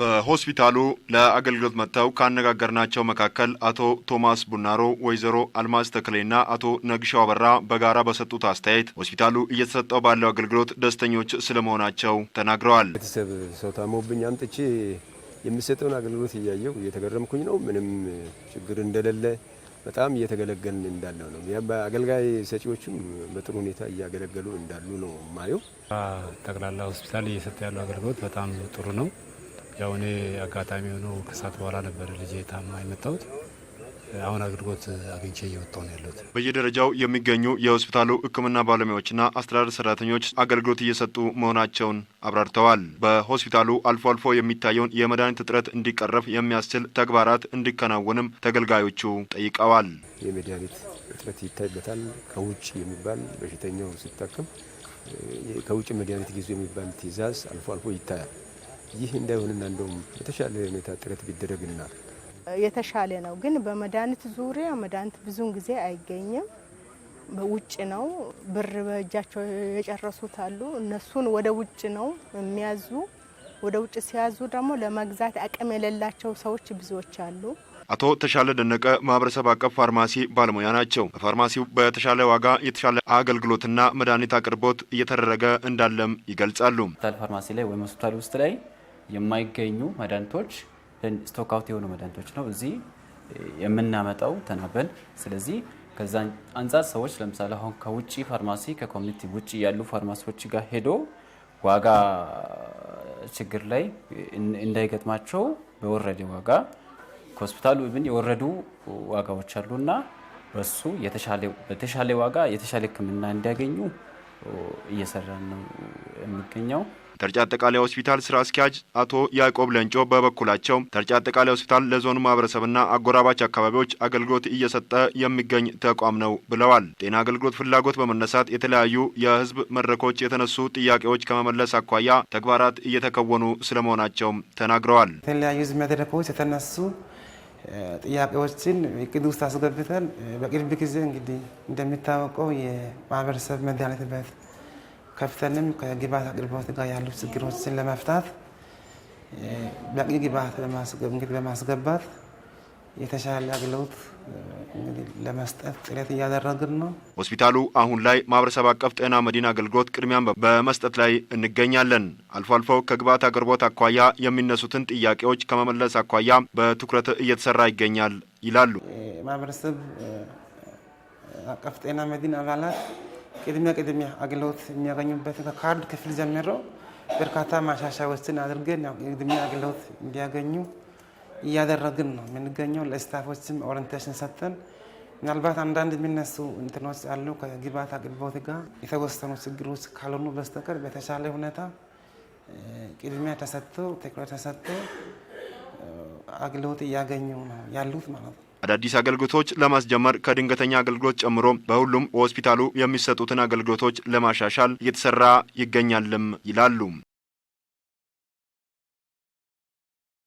በሆስፒታሉ ለአገልግሎት መጥተው ካነጋገርናቸው መካከል አቶ ቶማስ ቡናሮ፣ ወይዘሮ አልማዝ ተክሌና አቶ ነግሻው አበራ በጋራ በሰጡት አስተያየት ሆስፒታሉ እየተሰጠው ባለው አገልግሎት ደስተኞች ስለመሆናቸው ተናግረዋል። ቤተሰብ ሰው ታሞብኝ አምጥቼ የሚሰጠውን አገልግሎት እያየው እየተገረምኩኝ ነው። ምንም ችግር እንደሌለ በጣም እየተገለገልን እንዳለው ነው። አገልጋይ ሰጪዎችም በጥሩ ሁኔታ እያገለገሉ እንዳሉ ነው ማየው። ጠቅላላ ሆስፒታል እየሰጠ ያለው አገልግሎት በጣም ጥሩ ነው። ያው እኔ አጋጣሚ ሆኖ ከሰዓት በኋላ ነበር ልጄ ታማ የመጣሁት። አሁን አገልግሎት አግኝቼ እየወጣሁ ነው ያለሁት። በየደረጃው የሚገኙ የሆስፒታሉ ሕክምና ባለሙያዎችና አስተዳደር ሰራተኞች አገልግሎት እየሰጡ መሆናቸውን አብራርተዋል። በሆስፒታሉ አልፎ አልፎ የሚታየውን የመድኃኒት እጥረት እንዲቀረፍ የሚያስችል ተግባራት እንዲከናወንም ተገልጋዮቹ ጠይቀዋል። የመድኃኒት እጥረት ይታይበታል። ከውጭ የሚባል በሽተኛው ሲታከም ከውጭ መድኃኒት ጊዜ የሚባል ትዕዛዝ አልፎ አልፎ ይታያል። ይህ እንዳይሆንና እንደውም የተሻለ ሁኔታ ጥረት ቢደረግና የተሻለ ነው። ግን በመድኃኒት ዙሪያ መድኃኒት ብዙውን ጊዜ አይገኝም፣ ውጭ ነው። ብር በእጃቸው የጨረሱት አሉ። እነሱን ወደ ውጭ ነው የሚያዙ። ወደ ውጭ ሲያዙ ደግሞ ለመግዛት አቅም የሌላቸው ሰዎች ብዙዎች አሉ። አቶ ተሻለ ደነቀ ማህበረሰብ አቀፍ ፋርማሲ ባለሙያ ናቸው። በፋርማሲው በተሻለ ዋጋ የተሻለ አገልግሎትና መድኃኒት አቅርቦት እየተደረገ እንዳለም ይገልጻሉ። ፋርማሲ ላይ ወይም ሆስፒታል ውስጥ ላይ የማይገኙ መድኃኒቶች ስቶክ አውት የሆኑ መድኃኒቶች ነው እዚህ የምናመጣው ተናበን። ስለዚህ ከዛ አንጻር ሰዎች ለምሳሌ አሁን ከውጭ ፋርማሲ ከኮሚኒቲ ውጭ ያሉ ፋርማሲዎች ጋር ሄዶ ዋጋ ችግር ላይ እንዳይገጥማቸው በወረደ ዋጋ ከሆስፒታሉ ብን የወረዱ ዋጋዎች እና በሱ በተሻለ ዋጋ የተሻለ ሕክምና እንዲያገኙ እየሰራን ነው የሚገኘው። ተርጫ አጠቃላይ ሆስፒታል ስራ አስኪያጅ አቶ ያዕቆብ ለንጮ በበኩላቸው ተርጫ አጠቃላይ ሆስፒታል ለዞኑ ማህበረሰብና አጎራባች አካባቢዎች አገልግሎት እየሰጠ የሚገኝ ተቋም ነው ብለዋል። ጤና አገልግሎት ፍላጎት በመነሳት የተለያዩ የህዝብ መድረኮች የተነሱ ጥያቄዎች ከመመለስ አኳያ ተግባራት እየተከወኑ ስለመሆናቸውም ተናግረዋል። የተለያዩ ህዝብ መድረኮች የተነሱ ጥያቄዎችን እቅድ ውስጥ አስገብተን በቅርብ ጊዜ እንግዲህ እንደሚታወቀው የማህበረሰብ መድኃኒት ቤት ከፍተንም ከግብአት አቅርቦት ጋር ያሉ ችግሮችን ለመፍታት በቂ ግብአት በማስገባት የተሻለ አገልግሎት ለመስጠት ጥረት እያደረግን ነው። ሆስፒታሉ አሁን ላይ ማህበረሰብ አቀፍ ጤና መድን አገልግሎት ቅድሚያን በመስጠት ላይ እንገኛለን። አልፎ አልፎ ከግብዓት አቅርቦት አኳያ የሚነሱትን ጥያቄዎች ከመመለስ አኳያ በትኩረት እየተሰራ ይገኛል ይላሉ። ማህበረሰብ አቀፍ ጤና መድን አባላት ቅድሚያ ቅድሚያ አገልግሎት የሚያገኙበት ከካርድ ክፍል ጀምሮ በርካታ ማሻሻያዎችን አድርገን የቅድሚያ አገልግሎት እንዲያገኙ እያደረግን ነው የምንገኘው። ለስታፎችም ኦሪንቴሽን ሰጥተን ምናልባት አንዳንድ የሚነሱ እንትኖች አሉ ከግብዓት አቅርቦት ጋር የተወሰኑ ችግሮች ካልሆኑ በስተቀር በተሻለ ሁኔታ ቅድሚያ ተሰጥቶ ትኩረት ተሰጥቶ አገልግሎት እያገኙ ነው ያሉት ማለት ነው። አዳዲስ አገልግሎቶች ለማስጀመር ከድንገተኛ አገልግሎት ጨምሮ በሁሉም ሆስፒታሉ የሚሰጡትን አገልግሎቶች ለማሻሻል እየተሰራ ይገኛልም ይላሉ።